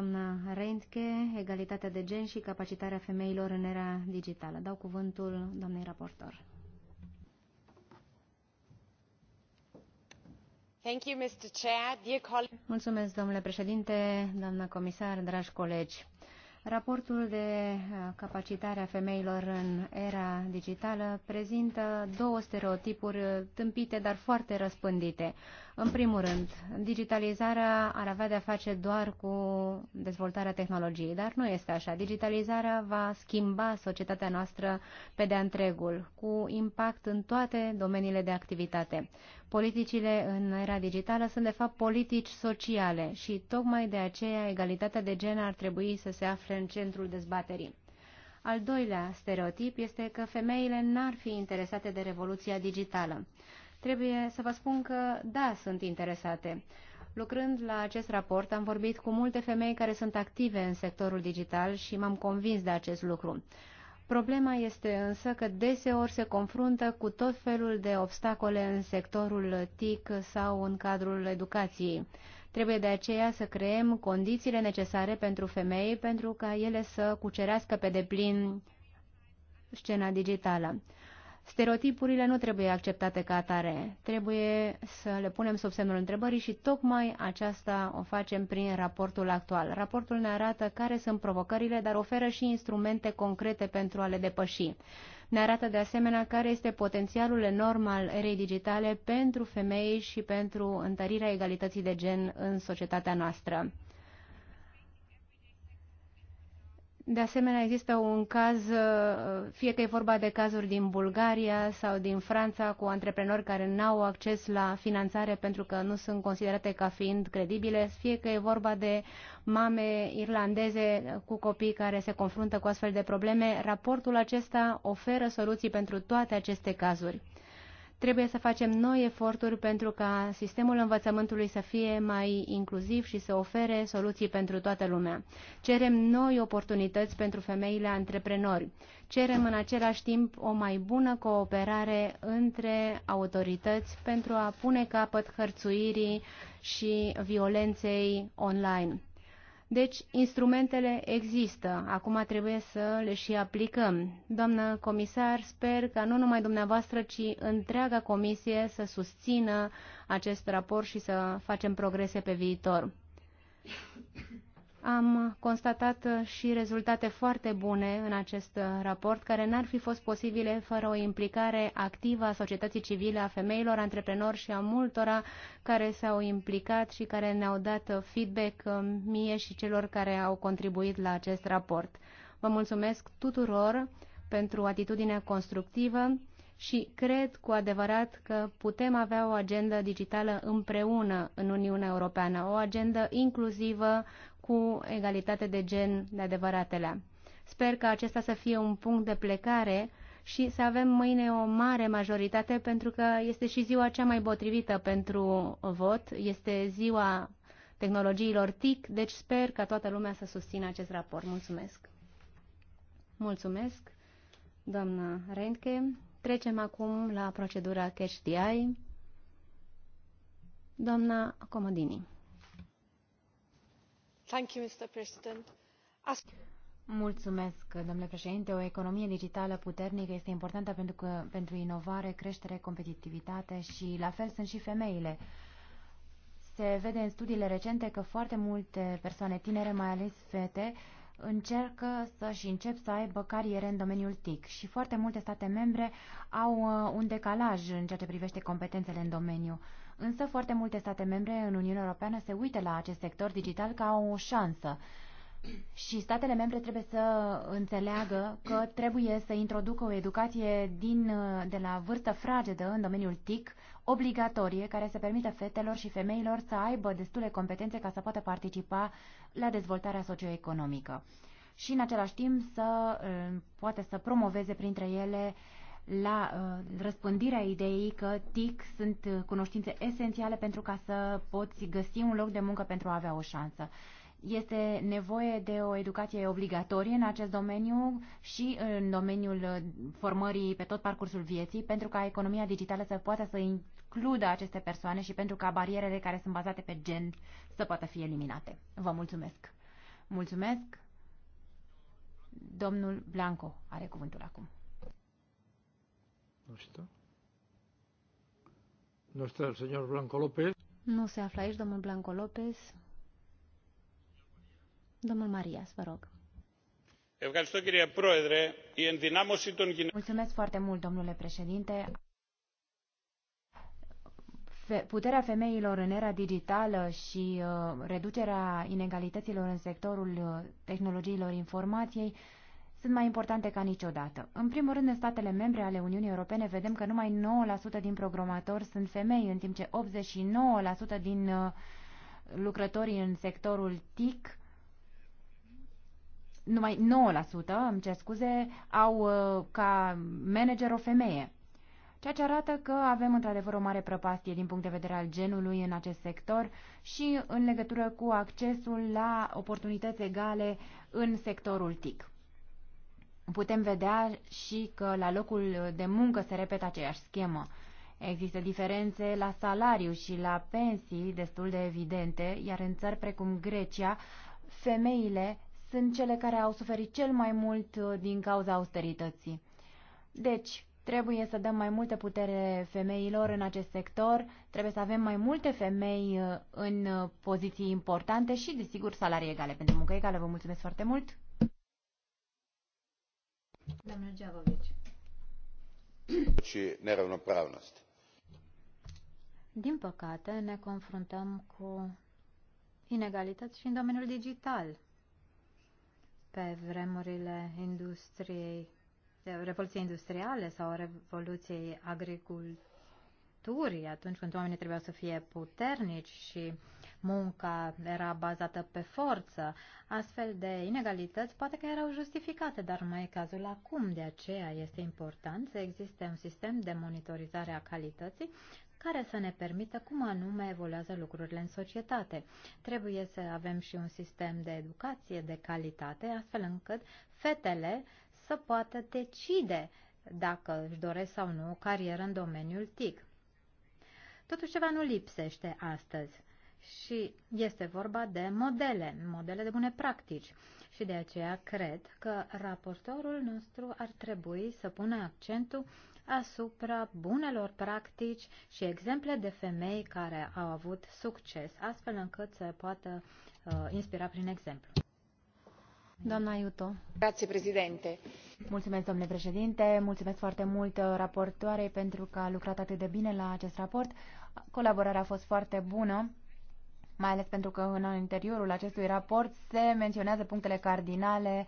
doamna Reintke, egalitatea de gen și capacitarea femeilor în era digitală. Dau cuvântul doamnei raportor. Mulțumesc, domnule președinte, doamna comisar, dragi colegi. Raportul de uh, capacitare a femeilor în era digitală prezintă două stereotipuri uh, tâmpite, dar foarte răspândite. În primul rând, digitalizarea ar avea de-a face doar cu dezvoltarea tehnologiei, dar nu este așa. Digitalizarea va schimba societatea noastră pe de-a întregul, cu impact în toate domeniile de activitate. Politicile în era digitală sunt, de fapt, politici sociale și tocmai de aceea egalitatea de gen ar trebui să se afle în centrul dezbaterii. Al doilea stereotip este că femeile n-ar fi interesate de revoluția digitală. Trebuie să vă spun că da, sunt interesate. Lucrând la acest raport, am vorbit cu multe femei care sunt active în sectorul digital și m-am convins de acest lucru. Problema este însă că deseori se confruntă cu tot felul de obstacole în sectorul TIC sau în cadrul educației. Trebuie de aceea să creăm condițiile necesare pentru femei pentru ca ele să cucerească pe deplin scena digitală. Stereotipurile nu trebuie acceptate ca atare, trebuie să le punem sub semnul întrebării și tocmai aceasta o facem prin raportul actual. Raportul ne arată care sunt provocările, dar oferă și instrumente concrete pentru a le depăși. Ne arată de asemenea care este potențialul enorm al erei digitale pentru femei și pentru întărirea egalității de gen în societatea noastră. De asemenea, există un caz, uh, fie că e vorba de cazuri din Bulgaria sau din Franța, cu antreprenori care n-au acces la finanțare pentru că nu sunt considerate ca fiind credibile, fie că e vorba de mame irlandeze cu copii care se confruntă cu astfel de probleme. Raportul acesta oferă soluții pentru toate aceste cazuri. Trebuie să facem noi eforturi pentru ca sistemul învățământului să fie mai inclusiv și să ofere soluții pentru toată lumea. Cerem noi oportunități pentru femeile antreprenori. Cerem în același timp o mai bună cooperare între autorități pentru a pune capăt hărțuirii și violenței online. Deci, instrumentele există. Acum trebuie să le și aplicăm. Doamnă comisar, sper ca nu numai dumneavoastră, ci întreaga comisie să susțină acest raport și să facem progrese pe viitor. Am constatat uh, și rezultate foarte bune în acest uh, raport, care n-ar fi fost posibile fără o implicare activă a societății civile, a femeilor, antreprenori și a multora care s-au implicat și care ne-au dat uh, feedback mie și celor care au contribuit la acest raport. Vă mulțumesc tuturor pentru atitudinea constructivă și cred cu adevărat că putem avea o agendă digitală împreună în Uniunea Europeană, o agendă inclusivă cu egalitate de gen de adevăratele. Sper că acesta să fie un punct de plecare și să avem mâine o mare majoritate pentru că este și ziua cea mai potrivită pentru vot, este ziua tehnologiilor TIC, deci sper ca toată lumea să susțină acest raport. Mulțumesc! Mulțumesc, doamna Rentke. Trecem acum la procedura Cash DI. Doamna Comodini. Mulțumesc, domnule președinte. O economie digitală puternică este importantă pentru, că, pentru inovare, creștere, competitivitate și la fel sunt și femeile. Se vede în studiile recente că foarte multe persoane tinere, mai ales fete, încercă să și încep să aibă cariere în domeniul TIC și foarte multe state membre au uh, un decalaj în ceea ce privește competențele în domeniu. Uh, Însă foarte multe state membre în Uniunea Europeană se uită la acest sector digital ca o șansă. Și statele membre trebuie să înțeleagă că trebuie să introducă o educație din, de la vârstă fragedă în domeniul TIC, obligatorie, care să permită fetelor și femeilor să aibă destule competențe ca să poată participa la dezvoltarea socioeconomică. Și în același timp să eh, poate să promoveze printre ele uh, la uh, răspândirea ideii că TIC sunt uh, cunoștințe esențiale pentru ca să poți găsi un loc de muncă pentru a avea o șansă. Este nevoie de o educație obligatorie în acest domeniu și în domeniul uh, formării pe tot parcursul vieții pentru ca economia digitală să poată să includă aceste persoane și pentru ca barierele care sunt bazate pe gen să poată fi eliminate. Vă mulțumesc! Mulțumesc! Domnul Blanco are cuvântul acum. Nu știu. Nu este señor Blanco López. Nu se află aici domnul Blanco López. Domnul Marias, vă rog. Mulțumesc foarte mult, domnule președinte. Puterea femeilor în era digitală și uh, reducerea inegalităților în sectorul uh, tehnologiilor informației sunt mai importante ca niciodată. În primul rând, în statele membre ale Uniunii Europene vedem că numai 9% din programatori sunt femei, în timp ce 89% din uh, lucrătorii în sectorul TIC numai 9%, îmi cer scuze, au uh, ca manager o femeie. Ceea ce arată că avem într-adevăr o mare prăpastie din punct de vedere al genului în acest sector și în legătură cu accesul la oportunități egale în sectorul TIC putem vedea și că la locul de muncă se repetă aceeași schemă. Există diferențe la salariu și la pensii destul de evidente, iar în țări precum Grecia, femeile sunt cele care au suferit cel mai mult uh, din cauza austerității. Deci, trebuie să dăm mai multă putere femeilor în acest sector, trebuie să avem mai multe femei uh, în uh, poziții importante și, desigur, salarii egale pentru muncă egală. Vă mulțumesc foarte mult! Și neravnopravnost. Din păcate, ne confruntăm cu inegalități și în domeniul digital. Pe vremurile industriei, revoluției industriale sau revoluției agriculturii, atunci când oamenii trebuiau să fie puternici și uh, munca era bazată pe forță. Astfel de inegalități poate că erau justificate, dar nu mai e cazul acum. De aceea este important să existe un sistem de monitorizare a calității care să ne permită cum anume evoluează lucrurile în societate. Trebuie să avem și un sistem de educație de calitate, astfel încât fetele să poată decide dacă își doresc sau nu o carieră în domeniul TIC. Totuși ceva nu lipsește astăzi și este vorba de modele, modele de bune practici. Și de aceea cred că raportorul nostru ar trebui să pună accentul asupra bunelor practici și exemple de femei care au avut succes, astfel încât să poată uh, inspira prin exemplu. Doamna Iuto. Grazie, președinte. Mulțumesc, domnule președinte. Mulțumesc foarte mult uh, raportoarei pentru că a lucrat atât de bine la acest raport. Colaborarea a fost foarte bună mai ales pentru că în interiorul acestui raport se menționează punctele cardinale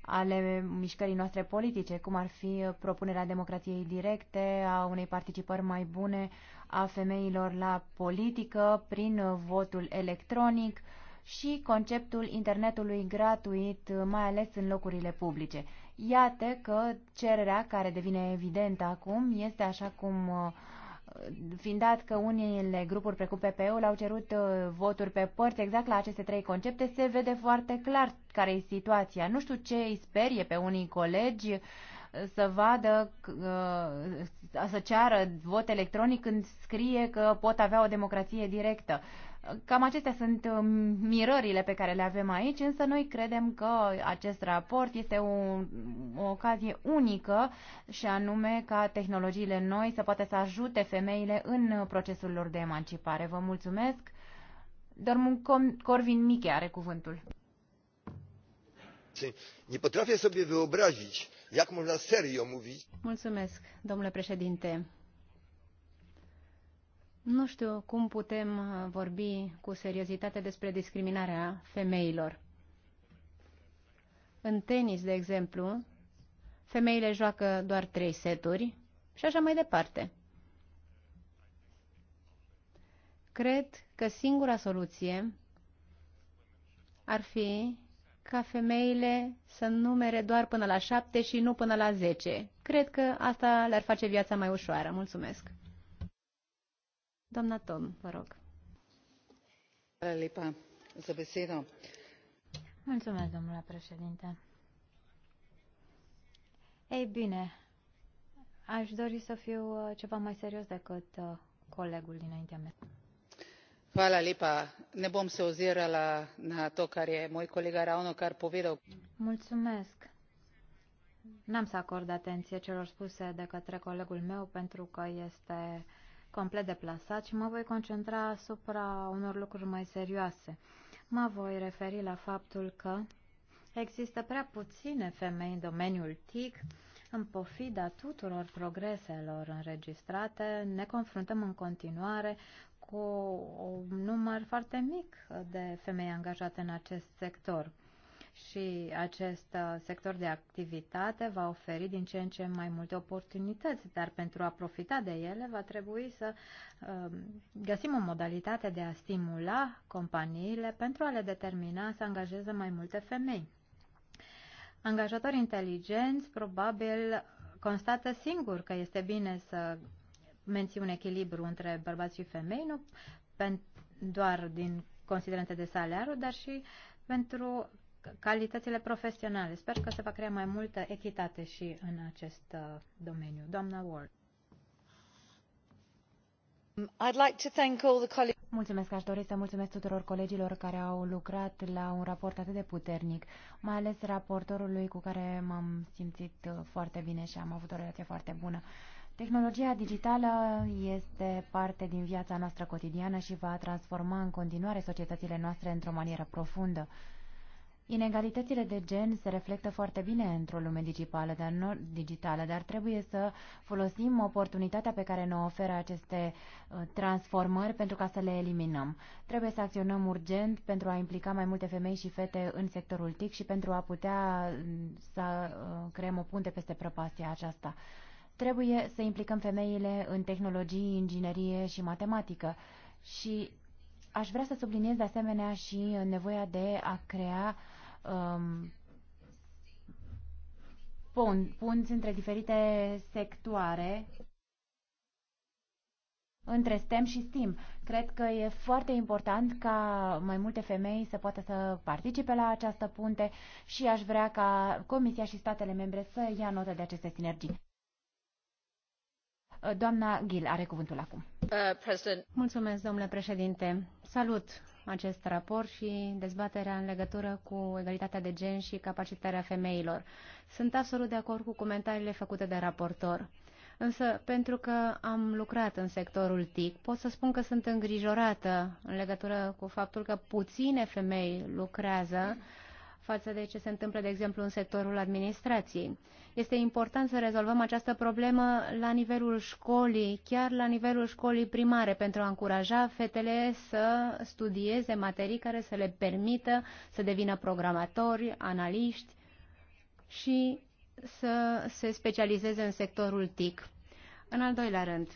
ale mișcării noastre politice, cum ar fi propunerea democrației directe, a unei participări mai bune a femeilor la politică prin votul electronic și conceptul internetului gratuit, mai ales în locurile publice. Iată că cererea care devine evidentă acum este așa cum uh, fiind dat că unele grupuri precum PPE-ul au cerut uh, voturi pe părți exact la aceste trei concepte, se vede foarte clar care e situația. Nu știu ce îi sperie pe unii colegi uh, să vadă, uh, să ceară vot electronic când scrie că pot avea o democrație directă. Cam acestea sunt uh, mirările pe care le avem aici, însă noi credem că acest raport este o, o ocazie unică și anume ca tehnologiile noi să poată să ajute femeile în procesul lor de emancipare. Vă mulțumesc. Dormun Corvin Miche are cuvântul. Nie potrafię sobie wyobrazić, jak można serio mówić. Mulțumesc, domnule președinte nu știu cum putem uh, vorbi cu seriozitate despre discriminarea femeilor. În tenis, de exemplu, femeile joacă doar trei seturi și așa mai departe. Cred că singura soluție ar fi ca femeile să numere doar până la șapte și nu până la zece. Cred că asta le-ar face viața mai ușoară. Mulțumesc! Doamna Tom, vă rog. Lepa, za besedo. Mulțumesc, domnule președinte. Ei bine, aș dori să fiu uh, ceva mai serios decât uh, colegul dinaintea mea. Hvala lepa. Ne bom se ozirala na to, kar je moj kolega kar povedal. Mulțumesc. N-am să acord atenție celor spuse de către colegul meu pentru că este complet deplasat și mă voi concentra asupra unor lucruri mai serioase. Mă voi referi la faptul că există prea puține femei în domeniul TIC, în pofida tuturor progreselor înregistrate, ne confruntăm în continuare cu un număr foarte mic de femei angajate în acest sector și acest uh, sector de activitate va oferi din ce în ce mai multe oportunități, dar pentru a profita de ele va trebui să um, găsim o modalitate de a stimula companiile pentru a le determina să angajeze mai multe femei. Angajatori inteligenți probabil constată singur că este bine să menții un echilibru între bărbați și femei, nu doar din considerente de salariu, dar și pentru calitățile profesionale. Sper că se va crea mai multă echitate și în acest uh, domeniu. Doamna Ward. I'd like to thank all the colleagues. Mulțumesc, aș dori să mulțumesc tuturor colegilor care au lucrat la un raport atât de puternic, mai ales raportorului cu care m-am simțit uh, foarte bine și am avut o relație foarte bună. Tehnologia digitală este parte din viața noastră cotidiană și va transforma în continuare societățile noastre într-o manieră profundă. Inegalitățile de gen se reflectă foarte bine într-o lume digitală dar, nu, digitală, dar trebuie să folosim oportunitatea pe care ne oferă aceste uh, transformări pentru ca să le eliminăm. Trebuie să acționăm urgent pentru a implica mai multe femei și fete în sectorul TIC și pentru a putea mm, să uh, creăm o punte peste prăpastia aceasta. Trebuie să implicăm femeile în tehnologii, inginerie și matematică și aș vrea să subliniez de asemenea și nevoia de a crea uh, um, punți între diferite sectoare, între STEM și STEAM. Cred că e foarte important ca mai multe femei să poată să participe la această punte și aș vrea ca Comisia și statele membre să ia notă de aceste sinergii. Doamna Gil are cuvântul acum. Uh, Mulțumesc, domnule președinte. Salut acest raport și dezbaterea în legătură cu egalitatea de gen și capacitarea femeilor. Sunt absolut de acord cu comentariile făcute de raportor. Însă, pentru că am lucrat în sectorul TIC, pot să spun că sunt îngrijorată în legătură cu faptul că puține femei lucrează mm față de ce se întâmplă, de exemplu, în sectorul administrației. Este important să rezolvăm această problemă la nivelul școlii, chiar la nivelul școlii primare, pentru a încuraja fetele să studieze materii care să le permită să devină programatori, analiști și să se specializeze în sectorul TIC. În al doilea rând,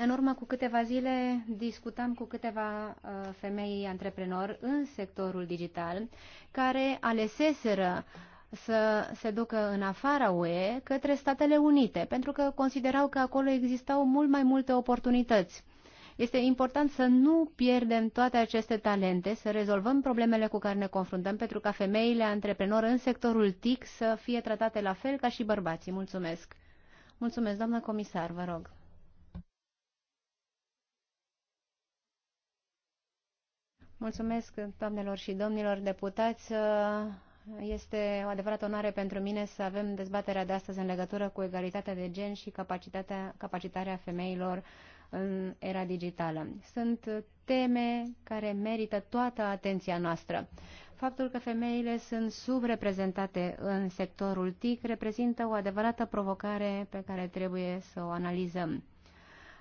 în urmă cu câteva zile discutam cu câteva uh, femei antreprenori în sectorul digital care aleseseră să se ducă în afara UE către Statele Unite, pentru că considerau că acolo existau mult mai multe oportunități. Este important să nu pierdem toate aceste talente, să rezolvăm problemele cu care ne confruntăm, pentru ca femeile antreprenori în sectorul TIC să fie tratate la fel ca și bărbații. Mulțumesc! Mulțumesc, doamnă comisar, vă rog! Mulțumesc, doamnelor și domnilor deputați. Este o adevărată onoare pentru mine să avem dezbaterea de astăzi în legătură cu egalitatea de gen și capacitatea, capacitarea femeilor în era digitală. Sunt teme care merită toată atenția noastră. Faptul că femeile sunt subreprezentate în sectorul TIC reprezintă o adevărată provocare pe care trebuie să o analizăm.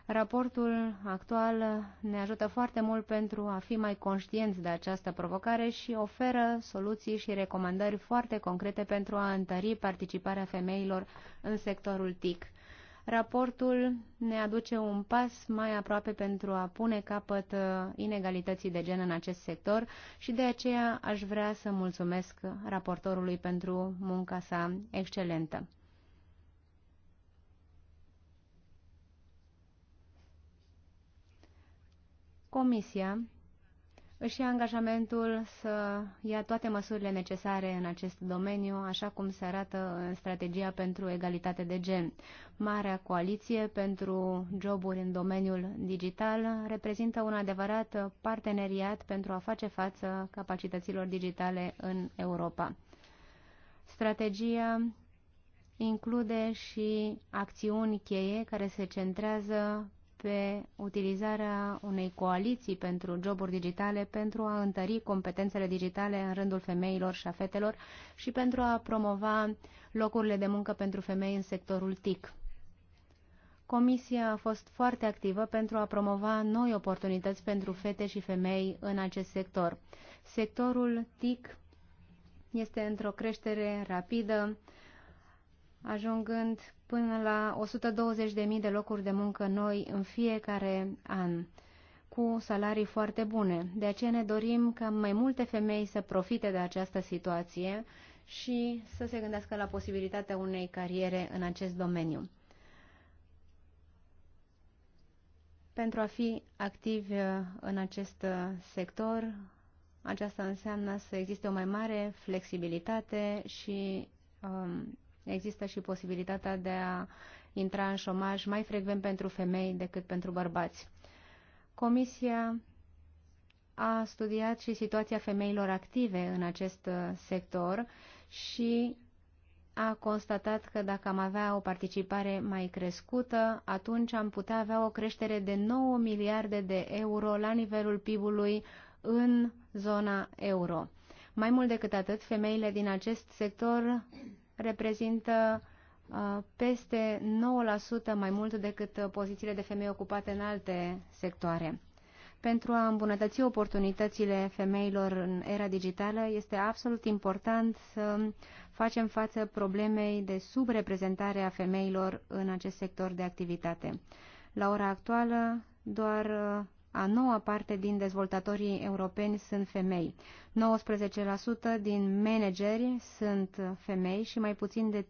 Raportul actual ne ajută foarte mult pentru a fi mai conștienți de această provocare și oferă soluții și recomandări foarte concrete pentru a întări participarea femeilor în sectorul TIC. Raportul ne aduce un pas mai aproape pentru a pune capăt uh, inegalității de gen în acest sector și de aceea aș vrea să mulțumesc raportorului pentru munca sa excelentă. Comisia își ia angajamentul să ia toate măsurile necesare în acest domeniu, așa cum se arată în strategia pentru egalitate de gen. Marea coaliție pentru joburi în domeniul digital reprezintă un adevărat parteneriat pentru a face față capacităților digitale în Europa. Strategia include și acțiuni cheie care se centrează pe utilizarea unei coaliții pentru joburi digitale pentru a întări competențele digitale în rândul femeilor și a fetelor și pentru a promova locurile de muncă pentru femei în sectorul TIC. Comisia a fost foarte activă pentru a promova noi oportunități pentru fete și femei în acest sector. Sectorul TIC este într-o creștere rapidă, ajungând până la 120.000 de locuri de muncă noi în fiecare an, cu salarii foarte bune. De aceea ne dorim ca mai multe femei să profite de această situație și să se gândească la posibilitatea unei cariere în acest domeniu. Pentru a fi activ uh, în acest uh, sector, aceasta înseamnă să existe o mai mare flexibilitate și um, Există și posibilitatea de a intra în șomaj mai frecvent pentru femei decât pentru bărbați. Comisia a studiat și situația femeilor active în acest uh, sector și a constatat că dacă am avea o participare mai crescută, atunci am putea avea o creștere de 9 miliarde de euro la nivelul PIB-ului în zona euro. Mai mult decât atât, femeile din acest sector reprezintă uh, peste 9% mai mult decât uh, pozițiile de femei ocupate în alte sectoare. Pentru a îmbunătăți oportunitățile femeilor în era digitală, este absolut important să facem față problemei de subreprezentare a femeilor în acest sector de activitate. La ora actuală, doar uh, a noua parte din dezvoltatorii europeni sunt femei. 19% din manageri sunt femei și mai puțin de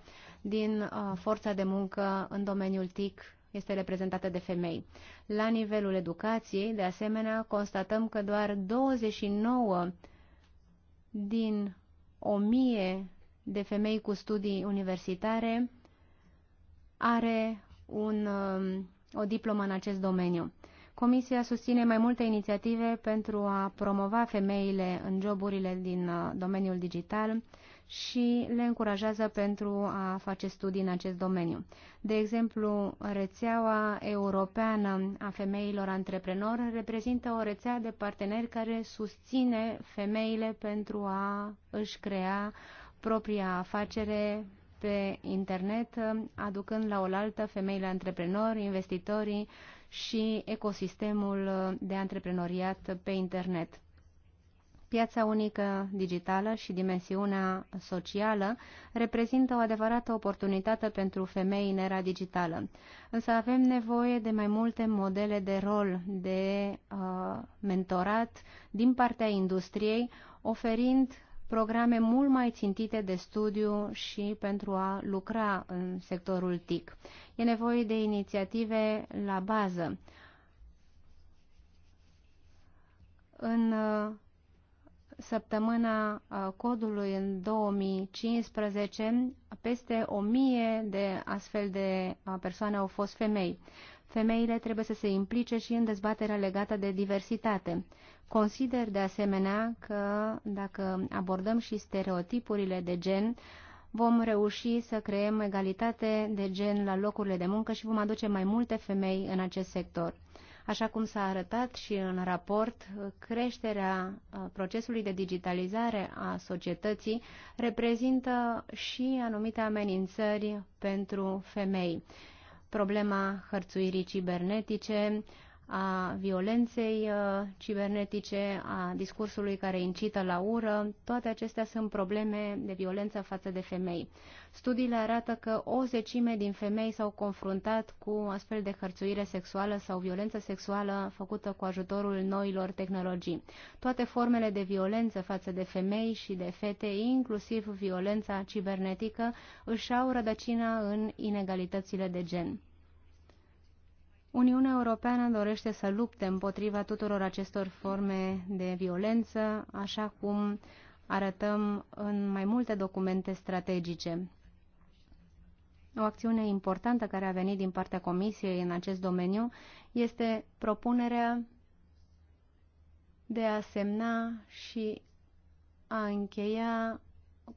30% din uh, forța de muncă în domeniul TIC este reprezentată de femei. La nivelul educației, de asemenea, constatăm că doar 29 din 1000 de femei cu studii universitare are un um, o diplomă în acest domeniu. Comisia susține mai multe inițiative pentru a promova femeile în joburile din uh, domeniul digital și le încurajează pentru a face studii în acest domeniu. De exemplu, rețeaua europeană a femeilor antreprenori reprezintă o rețea de parteneri care susține femeile pentru a își crea propria afacere pe internet, aducând la oaltă femeile antreprenori, investitorii și ecosistemul de antreprenoriat pe internet. Piața unică digitală și dimensiunea socială reprezintă o adevărată oportunitate pentru femei în era digitală. Însă avem nevoie de mai multe modele de rol, de uh, mentorat din partea industriei, oferind programe mult mai țintite de studiu și pentru a lucra în sectorul TIC. E nevoie de inițiative la bază. În uh, săptămâna uh, codului în 2015, peste o mie de astfel de uh, persoane au fost femei. Femeile trebuie să se implice și în dezbaterea legată de diversitate. Consider de asemenea că dacă abordăm și stereotipurile de gen, vom reuși să creăm egalitate de gen la locurile de muncă și vom aduce mai multe femei în acest sector. Așa cum s-a arătat și în raport, creșterea uh, procesului de digitalizare a societății reprezintă și anumite amenințări pentru femei problema hărțuirii cibernetice, a violenței uh, cibernetice, a discursului care incită la ură, toate acestea sunt probleme de violență față de femei. Studiile arată că o zecime din femei s-au confruntat cu astfel de hărțuire sexuală sau violență sexuală făcută cu ajutorul noilor tehnologii. Toate formele de violență față de femei și de fete, inclusiv violența cibernetică, își au rădăcina în inegalitățile de gen. Uniunea Europeană dorește să lupte împotriva tuturor acestor forme de violență, așa cum arătăm în mai multe documente strategice. O acțiune importantă care a venit din partea Comisiei în acest domeniu este propunerea de a semna și a încheia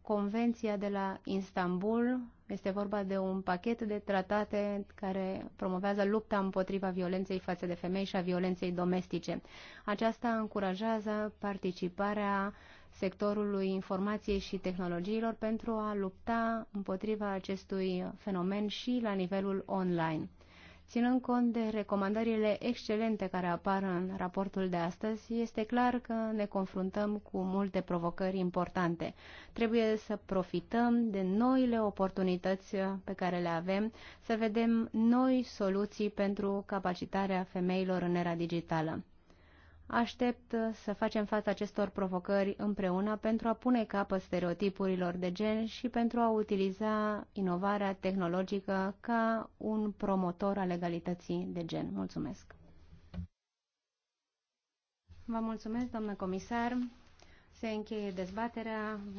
Convenția de la Istanbul. Este vorba de un pachet de tratate care promovează lupta împotriva violenței față de femei și a violenței domestice. Aceasta încurajează participarea sectorului informației și tehnologiilor pentru a lupta împotriva acestui fenomen și la nivelul online. Ținând cont de recomandările excelente care apar în raportul de astăzi, este clar că ne confruntăm cu multe provocări importante. Trebuie să profităm de noile oportunități pe care le avem, să vedem noi soluții pentru capacitarea femeilor în era digitală. Aștept să facem față acestor provocări împreună pentru a pune capăt stereotipurilor de gen și pentru a utiliza inovarea tehnologică ca un promotor al egalității de gen. Mulțumesc! Vă mulțumesc, doamnă comisar. Se încheie dezbaterea.